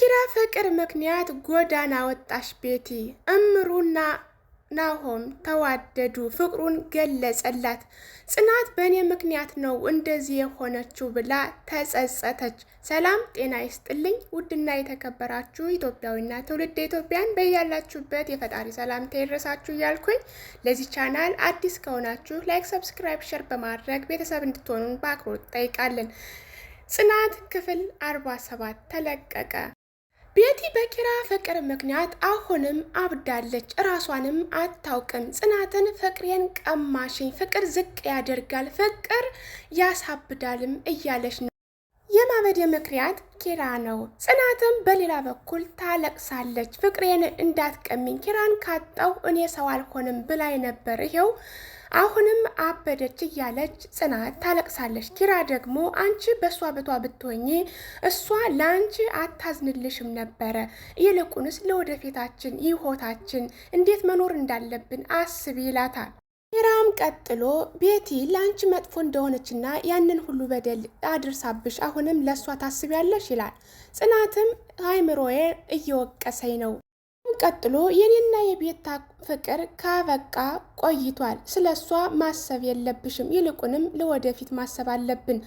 በኪራ ፍቅር ምክንያት ጎዳና ወጣሽ ቤቲ። እምሩና ናሆም ተዋደዱ፣ ፍቅሩን ገለጸላት። ጽናት በእኔ ምክንያት ነው እንደዚህ የሆነችው ብላ ተጸጸተች። ሰላም ጤና ይስጥልኝ ውድና የተከበራችሁ ኢትዮጵያዊና ትውልድ ኢትዮጵያን በያላችሁበት የፈጣሪ ሰላምታ ይድረሳችሁ እያልኩኝ ለዚህ ቻናል አዲስ ከሆናችሁ ላይክ፣ ሰብስክራይብ፣ ሸር በማድረግ ቤተሰብ እንድትሆኑን በአክብሮት ጠይቃለን። ጽናት ክፍል 47 ተለቀቀ። ቤቲ በኪራ ፍቅር ምክንያት አሁንም አብዳለች፣ ራሷንም አታውቅም። ጽናትን ፍቅሬን ቀማሽኝ፣ ፍቅር ዝቅ ያደርጋል፣ ፍቅር ያሳብዳልም እያለች ነው። የማበዴ ምክንያት ኪራ ነው። ጽናትም በሌላ በኩል ታለቅሳለች። ፍቅሬን እንዳትቀሚኝ፣ ኪራን ካጣው እኔ ሰው አልሆንም ብላይ ነበር ይኸው አሁንም አበደች እያለች ጽናት ታለቅሳለች። ኪራ ደግሞ አንቺ በእሷ በቷ ብትሆኚ እሷ ለአንቺ አታዝንልሽም ነበረ፣ ይልቁንስ ለወደፊታችን ይሆታችን እንዴት መኖር እንዳለብን አስቢ ይላታል። ኪራም ቀጥሎ ቤቲ ለአንቺ መጥፎ እንደሆነችና ያንን ሁሉ በደል አድርሳብሽ አሁንም ለእሷ ታስቢያለሽ ይላል። ጽናትም አይምሮዬ እየወቀሰኝ ነው ቀጥሎ የኔና የቤታ ፍቅር ካበቃ ቆይቷል። ስለ እሷ ማሰብ የለብሽም፣ ይልቁንም ለወደፊት ማሰብ አለብን።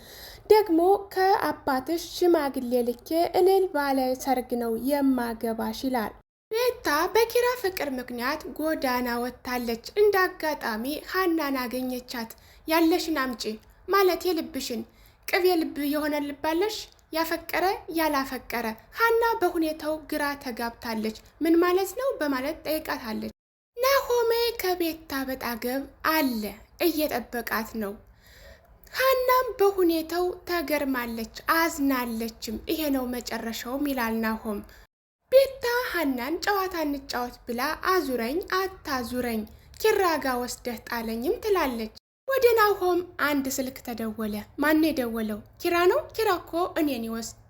ደግሞ ከአባትሽ ሽማግሌ ልኬ እልል ባለ ሰርግ ነው የማገባሽ ይላል። ቤታ በኪራ ፍቅር ምክንያት ጎዳና ወጥታለች። እንደ አጋጣሚ ሀናን አገኘቻት። ያለሽን አምጪ ማለት የልብሽን ቅቤ ልብ የሆነ ልባለሽ ያፈቀረ ያላፈቀረ። ሀና በሁኔታው ግራ ተጋብታለች። ምን ማለት ነው በማለት ጠይቃታለች። ናሆሜ ከቤታ በጣገብ አለ እየጠበቃት ነው። ሀናም በሁኔታው ተገርማለች፣ አዝናለችም። ይሄ ነው መጨረሻውም ይላል ናሆም። ቤታ ሀናን ጨዋታ እንጫወት ብላ አዙረኝ አታዙረኝ ኪራጋ ወስደህ ጣለኝም ትላለች። ወደ አንድ ስልክ ተደወለ። ማነው የደወለው? ኪራ ነው። ኪራ እኮ እኔን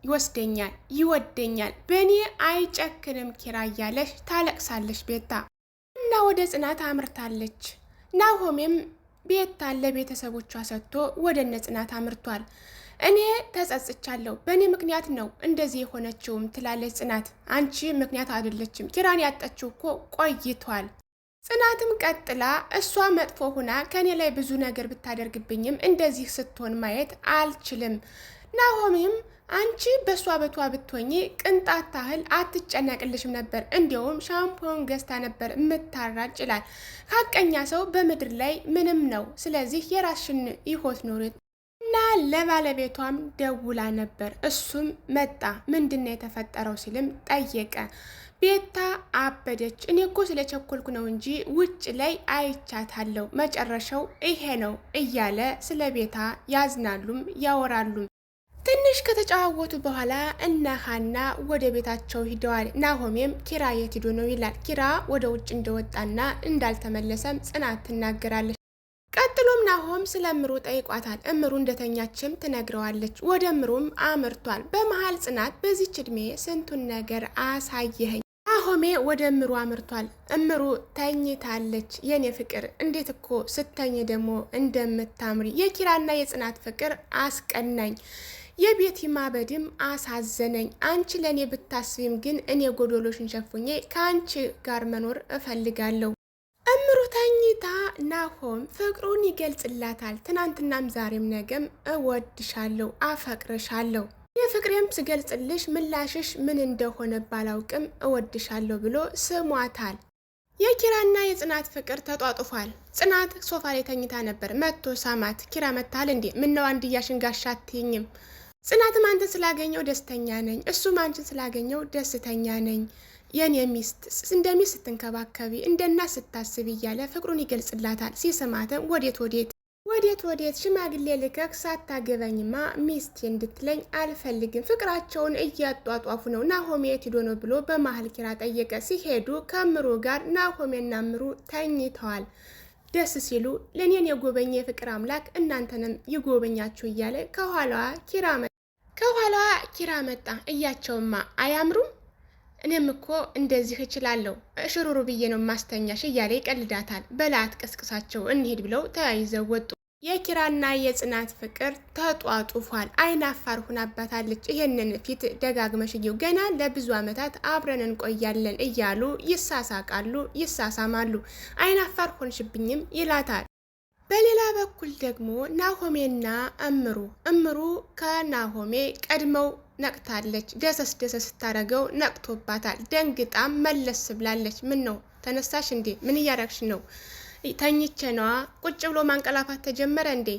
ይወስደኛል፣ ይወደኛል፣ በእኔ አይጨክንም ኪራ እያለሽ ታለቅሳለሽ ቤታ እና ወደ ጽናት አምርታለች። ናሆሜም ቤታን ለቤተሰቦቿ ሰጥቶ ወደ እነ ጽናት አምርቷል። እኔ ተጸጽቻለሁ፣ በእኔ ምክንያት ነው እንደዚህ የሆነችውም ትላለች ጽናት። አንቺ ምክንያት አይደለችም፣ ኪራን ያጣችው እኮ ቆይቷል ጽናትም ቀጥላ እሷ መጥፎ ሁና ከኔ ላይ ብዙ ነገር ብታደርግብኝም እንደዚህ ስትሆን ማየት አልችልም። ናሆሚም አንቺ በእሷ በቷ ብትሆኚ ቅንጣት ታህል አትጨነቅልሽም ነበር፣ እንዲያውም ሻምፖን ገዝታ ነበር የምታራጭ ይላል። ሐቀኛ ሰው በምድር ላይ ምንም ነው። ስለዚህ የራስሽን ይሆት ኑሪ እና ለባለቤቷም ደውላ ነበር። እሱም መጣ። ምንድን ነው የተፈጠረው ሲልም ጠየቀ። ቤታ አበደች። እኔ እኮ ስለቸኮልኩ ነው እንጂ ውጭ ላይ አይቻታለሁ፣ መጨረሻው ይሄ ነው እያለ ስለ ቤታ ያዝናሉም ያወራሉም። ትንሽ ከተጫዋወቱ በኋላ እና ሀና ወደ ቤታቸው ሂደዋል። ናሆሜም ኪራ የት ሂዶ ነው ይላል። ኪራ ወደ ውጭ እንደወጣና እንዳልተመለሰም ጽናት ትናገራለች። ቀጥሎም ናሆም ስለ እምሩ ጠይቋታል። እምሩ እንደተኛችም ትነግረዋለች። ወደ እምሩም አምርቷል። በመሀል ጽናት በዚች እድሜ ስንቱን ነገር አሳየኸኝ። ናሆሜ ወደ እምሩ አምርቷል። እምሩ ተኝታለች። የኔ ፍቅር እንዴት እኮ ስተኝ ደግሞ እንደምታምሪ። የኪራና የጽናት ፍቅር አስቀናኝ። የቤቲ ማበድም አሳዘነኝ። አንቺ ለእኔ ብታስቢም ግን እኔ ጎዶሎሽን ሸፉኜ ከአንቺ ጋር መኖር እፈልጋለሁ። እምሩ ተኝታ ናሆም ፍቅሩን ይገልጽላታል። ትናንትናም ዛሬም ነገም እወድሻለሁ፣ አፈቅርሻለሁ የፍቅሬም ስገልጽልሽ ምላሽሽ ምን እንደሆነ ባላውቅም እወድሻለሁ ብሎ ስሟታል። የኪራና የጽናት ፍቅር ተጧጡፏል። ጽናት ሶፋ ላይ ተኝታ ነበር፣ መቶ ሳማት። ኪራ መታል እንዴ? ምነው አንድያሽን ጋሻ አትይኝም? ጽናትም አንተን ስላገኘው ደስተኛ ነኝ፣ እሱም አንችን ስላገኘው ደስተኛ ነኝ የኔ ሚስት እንደ ሚስት ስትንከባከቢ እንደ እናት ስታስብ እያለ ፍቅሩን ይገልጽላታል። ሲስማትም ወዴት ወዴት ወዴት ወዴት ሽማግሌ ልከክ ሳታገበኝማ ሚስት እንድትለኝ አልፈልግም። ፍቅራቸውን እያጧጧፉ ነው። ናሆሜ የት ሄዶ ነው ብሎ በመሀል ኪራ ጠየቀ። ሲሄዱ ከምሩ ጋር ናሆሜና ምሩ ተኝተዋል። ደስ ሲሉ ለእኔን የጎበኘ የፍቅር አምላክ እናንተንም ይጎበኛችሁ እያለ ከኋላዋ ኪራ ከኋላዋ ኪራ መጣ። እያቸውማ አያምሩም እኔም እኮ እንደዚህ እችላለሁ ሽሩሩ ብዬ ነው ማስተኛሽ እያለ ይቀልዳታል። በላት ቀስቅሳቸው እንሄድ ብለው ተያይዘው ወጡ። የኪራና የጽናት ፍቅር ተጧጡፏል። አይን አፋር ሁናባታለች። ይሄንን ፊት ደጋግመሽየው ገና ለብዙ ዓመታት አብረን እንቆያለን እያሉ ይሳሳቃሉ፣ ይሳሳማሉ። አይን አፋር ሆንሽብኝም ይላታል። በሌላ በኩል ደግሞ ናሆሜና እምሩ እምሩ ከናሆሜ ቀድመው ነቅታለች። ደሰስ ደሰስ ስታደርገው ነቅቶባታል። ደንግጣም መለስ ብላለች። ምን ነው ተነሳሽ እንዴ? ምን እያደረግሽ ነው? ተኝቼ ነዋ። ቁጭ ብሎ ማንቀላፋት ተጀመረ እንዴ?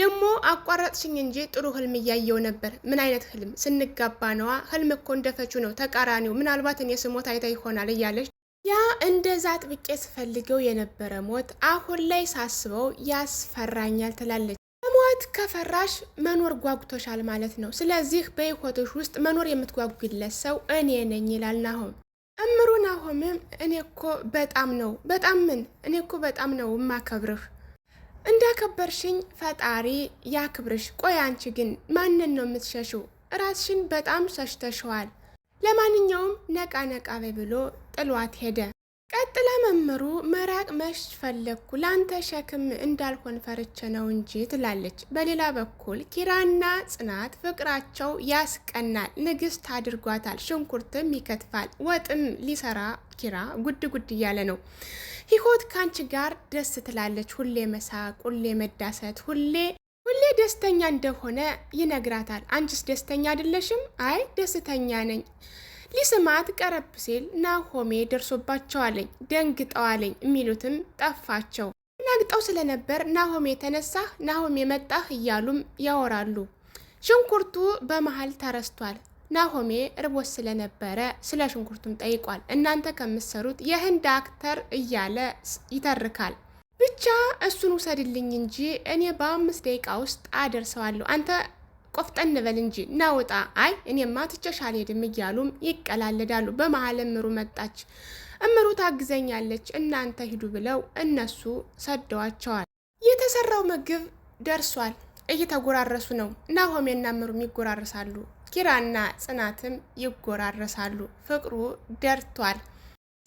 ደግሞ አቋረጥሽኝ እንጂ ጥሩ ህልም እያየው ነበር። ምን አይነት ህልም? ስንጋባ ነዋ። ህልም እኮ እንደፈቹ ነው፣ ተቃራኒው። ምናልባት እኔ ስሞት አይታ ይሆናል እያለች ያ እንደዛ አጥብቄ ስፈልገው የነበረ ሞት አሁን ላይ ሳስበው ያስፈራኛል ትላለች። ሞት ከፈራሽ መኖር ጓጉቶሻል ማለት ነው። ስለዚህ በሕይወትሽ ውስጥ መኖር የምትጓጉለት ሰው እኔ ነኝ ይላል ናሆም። እምሩ ናሆምም እኔ እኮ በጣም ነው በጣም ምን እኔ እኮ በጣም ነው እማከብርህ እንዳከበርሽኝ ፈጣሪ ያክብርሽ። ቆይ አንቺ ግን ማንን ነው የምትሸሽው? ራስሽን በጣም ሸሽተሸዋል። ለማንኛውም ነቃ ነቃ በይ ብሎ ጥሏት ሄደ። ቀጥላ መምሩ መራቅ መሽ ፈለግኩ ለአንተ ሸክም እንዳልሆን ፈርቼ ነው እንጂ ትላለች። በሌላ በኩል ኪራና ጽናት ፍቅራቸው ያስቀናል። ንግስት አድርጓታል። ሽንኩርትም ይከትፋል፣ ወጥም ሊሰራ ኪራ ጉድ ጉድ እያለ ነው። ሂሆት ካንቺ ጋር ደስ ትላለች። ሁሌ መሳቅ፣ ሁሌ መዳሰት፣ ሁሌ ሁሌ ደስተኛ እንደሆነ ይነግራታል። አንቺስ ደስተኛ አይደለሽም? አይ ደስተኛ ነኝ ሊስማት ቀረብ ሲል ናሆሜ ደርሶባቸዋለኝ ደንግጠዋለኝ የሚሉትም ጠፋቸው። ናግጠው ስለነበር ናሆሜ ተነሳህ፣ ናሆሜ መጣህ እያሉም ያወራሉ። ሽንኩርቱ በመሀል ተረስቷል። ናሆሜ ርቦት ስለነበረ ስለ ሽንኩርቱም ጠይቋል። እናንተ ከምትሰሩት የህንድ አክተር እያለ ይተርካል። ብቻ እሱን ውሰድልኝ እንጂ እኔ በአምስት ደቂቃ ውስጥ አደርሰዋለሁ አንተ ቆፍጠን በል እንጂ ናውጣ። አይ እኔማ ትቼሽ አልሄድም እያሉም ይቀላለዳሉ። በመሀል እምሩ መጣች። እምሩ ታግዘኛለች፣ እናንተ ሂዱ ብለው እነሱ ሰደዋቸዋል። የተሰራው ምግብ ደርሷል። እየተጎራረሱ ነው። ናሆሜና እምሩም ይጎራረሳሉ። ኪራና ጽናትም ይጎራረሳሉ። ፍቅሩ ደርቷል።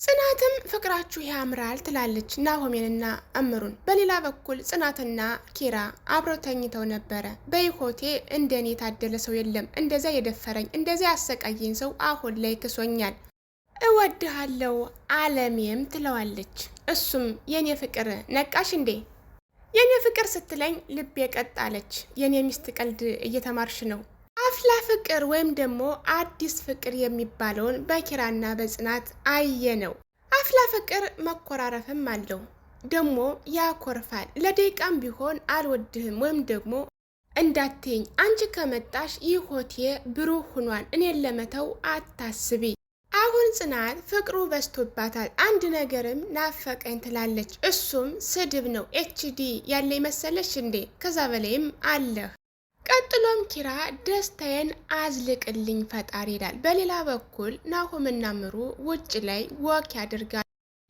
ጽናትም ፍቅራችሁ ያምራል ትላለች ናሆሜንና እምሩን። በሌላ በኩል ጽናትና ኪራ አብረው ተኝተው ነበረ። በይሆቴ እንደኔ የታደለ ሰው የለም፣ እንደዚያ የደፈረኝ እንደዚያ ያሰቃየኝ ሰው አሁን ላይ ክሶኛል፣ እወድሃለሁ አለሜም ትለዋለች። እሱም የኔ ፍቅር ነቃሽ እንዴ የኔ ፍቅር ስትለኝ ልቤ ቀጥ አለች። የኔ ሚስት ቀልድ እየተማርሽ ነው አፍላ ፍቅር ወይም ደግሞ አዲስ ፍቅር የሚባለውን በኪራና በጽናት አየ ነው። አፍላ ፍቅር መኮራረፍም አለው ደግሞ ያኮርፋል። ለደቂቃም ቢሆን አልወድህም ወይም ደግሞ እንዳትኝ አንቺ ከመጣሽ ይህ ሆቴ ብሩህ ሆኗል፣ እኔን ለመተው አታስቢ። አሁን ጽናት ፍቅሩ በዝቶባታል። አንድ ነገርም ናፈቀኝ ትላለች። እሱም ስድብ ነው። ኤችዲ ያለ ይመሰለሽ እንዴ? ከዛ በላይም አለህ ቀጥሎም ኪራ ደስታዬን አዝልቅልኝ ፈጣሪ ይላል። በሌላ በኩል ናሆምና ምሩ ውጭ ላይ ወክ ያደርጋል።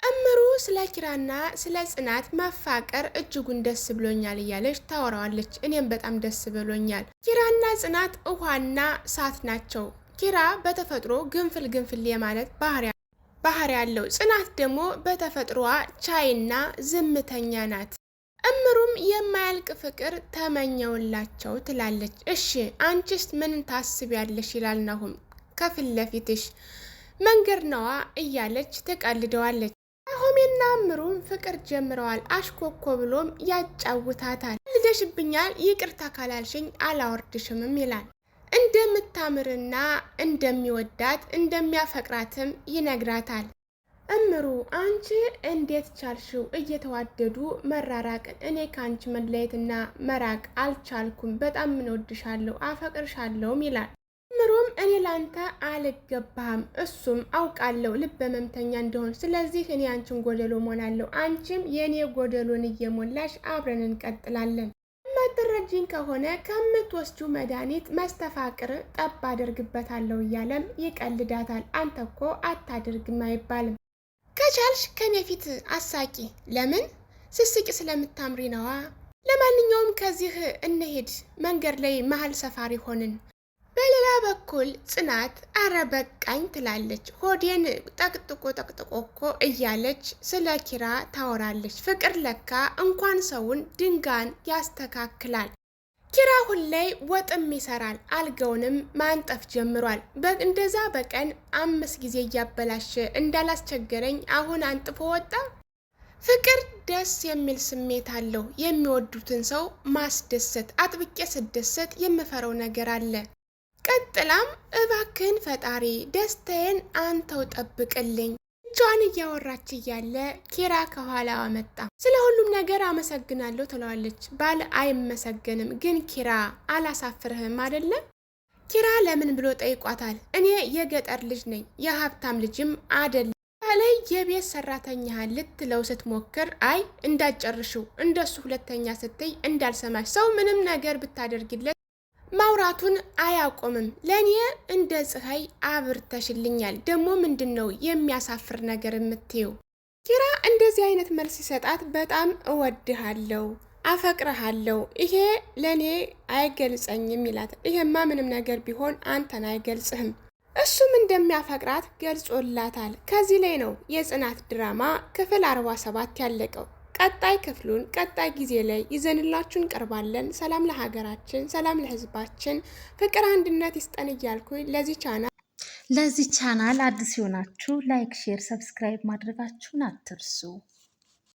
እምሩ ስለ ኪራና ስለ ጽናት መፋቀር እጅጉን ደስ ብሎኛል እያለች ታወራዋለች። እኔም በጣም ደስ ብሎኛል። ኪራና ጽናት ውሃና ሳት ናቸው። ኪራ በተፈጥሮ ግንፍል ግንፍል የማለት ባህሪ ያለው፣ ጽናት ደግሞ በተፈጥሮዋ ቻይና ዝምተኛ ናት። እምሩም የማያልቅ ፍቅር ተመኘውላቸው ትላለች። እሺ አንቺስ ምን ታስቢያለሽ? ይላል ናሁም ከፊት ለፊትሽ መንገድ ነዋ እያለች ትቀልደዋለች። ናሆሜና እምሩም ፍቅር ጀምረዋል። አሽኮኮ ብሎም ያጫውታታል። ልደሽብኛል፣ ይቅርታ ካላልሽኝ አላወርድሽምም ይላል። እንደምታምርና እንደሚወዳት እንደሚያፈቅራትም ይነግራታል። እምሩ አንቺ እንዴት ቻልሽው? እየተዋደዱ መራራቅን። እኔ ከአንቺ መለየትና መራቅ አልቻልኩም። በጣም ምንወድሻለሁ፣ አፈቅርሻለሁም ይላል። እምሩም እኔ ላንተ አልገባህም፣ እሱም አውቃለሁ ልበ መምተኛ እንደሆን። ስለዚህ እኔ አንቺን ጎደሎ ሞላለሁ፣ አንቺም የእኔ ጎደሎን እየሞላሽ አብረን እንቀጥላለን። መጥረጅኝ ከሆነ ከምትወስጂው መድኃኒት መስተፋቅር ጠብ አደርግበታለሁ እያለም ይቀልዳታል። አንተ እኮ አታደርግም አይባልም ከቻልሽ ከኔ ፊት አሳቂ። ለምን ስስቂ ስለምታምሪ ነዋ። ለማንኛውም ከዚህ እንሄድ፣ መንገድ ላይ መሀል ሰፋሪ ሆንን። በሌላ በኩል ጽናት አረ በቃኝ ትላለች። ሆዴን ጠቅጥቆ ጠቅጥቆ እኮ እያለች ስለ ኪራ ታወራለች። ፍቅር ለካ እንኳን ሰውን ድንጋን ያስተካክላል። ኪራ አሁን ላይ ወጥም ይሰራል፣ አልጋውንም ማንጠፍ ጀምሯል። እንደዛ በቀን አምስት ጊዜ እያበላሸ እንዳላስቸገረኝ አሁን አንጥፎ ወጣ። ፍቅር ደስ የሚል ስሜት አለው። የሚወዱትን ሰው ማስደሰት አጥብቄ ስደሰት የምፈረው ነገር አለ። ቀጥላም እባክህን ፈጣሪ ደስታዬን አንተው ጠብቅልኝ ብቻዋን እያወራች እያለ ኬራ ከኋላዋ መጣ። ስለ ሁሉም ነገር አመሰግናለሁ ትለዋለች። ባል አይመሰገንም፣ ግን ኪራ አላሳፍርህም አይደለም? ኪራ ለምን ብሎ ጠይቋታል። እኔ የገጠር ልጅ ነኝ፣ የሀብታም ልጅም አይደለም በላይ የቤት ሰራተኛ ልትለው ስትሞክር አይ እንዳጨርሽው እንደሱ ሁለተኛ ስትይ እንዳልሰማሽ ሰው ምንም ነገር ብታደርግለት ማውራቱን አያቆምም። ለእኔ እንደ ፀሐይ አብርተሽልኛል። ደግሞ ምንድን ነው የሚያሳፍር ነገር የምትየው ኪራ እንደዚህ አይነት መልስ ሲሰጣት በጣም እወድሃለሁ፣ አፈቅረሃለሁ፣ ይሄ ለእኔ አይገልጸኝም ይላት። ይሄማ ምንም ነገር ቢሆን አንተን አይገልጽህም። እሱም እንደሚያፈቅራት ገልጾላታል። ከዚህ ላይ ነው የጽናት ድራማ ክፍል አርባ ሰባት ያለቀው። ቀጣይ ክፍሉን ቀጣይ ጊዜ ላይ ይዘንላችሁ እንቀርባለን። ሰላም ለሀገራችን፣ ሰላም ለህዝባችን ፍቅር አንድነት ይስጠን እያልኩኝ ለዚህ ቻናል ለዚህ ቻናል አዲስ የሆናችሁ ላይክ፣ ሼር፣ ሰብስክራይብ ማድረጋችሁን አትርሱ።